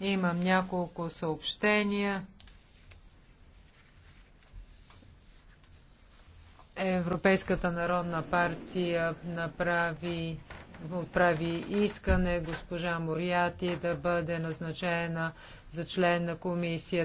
Имам няколко съобщения. Европейската народна партия направи, отправи искане госпожа Моряти да бъде назначена за член на комисията.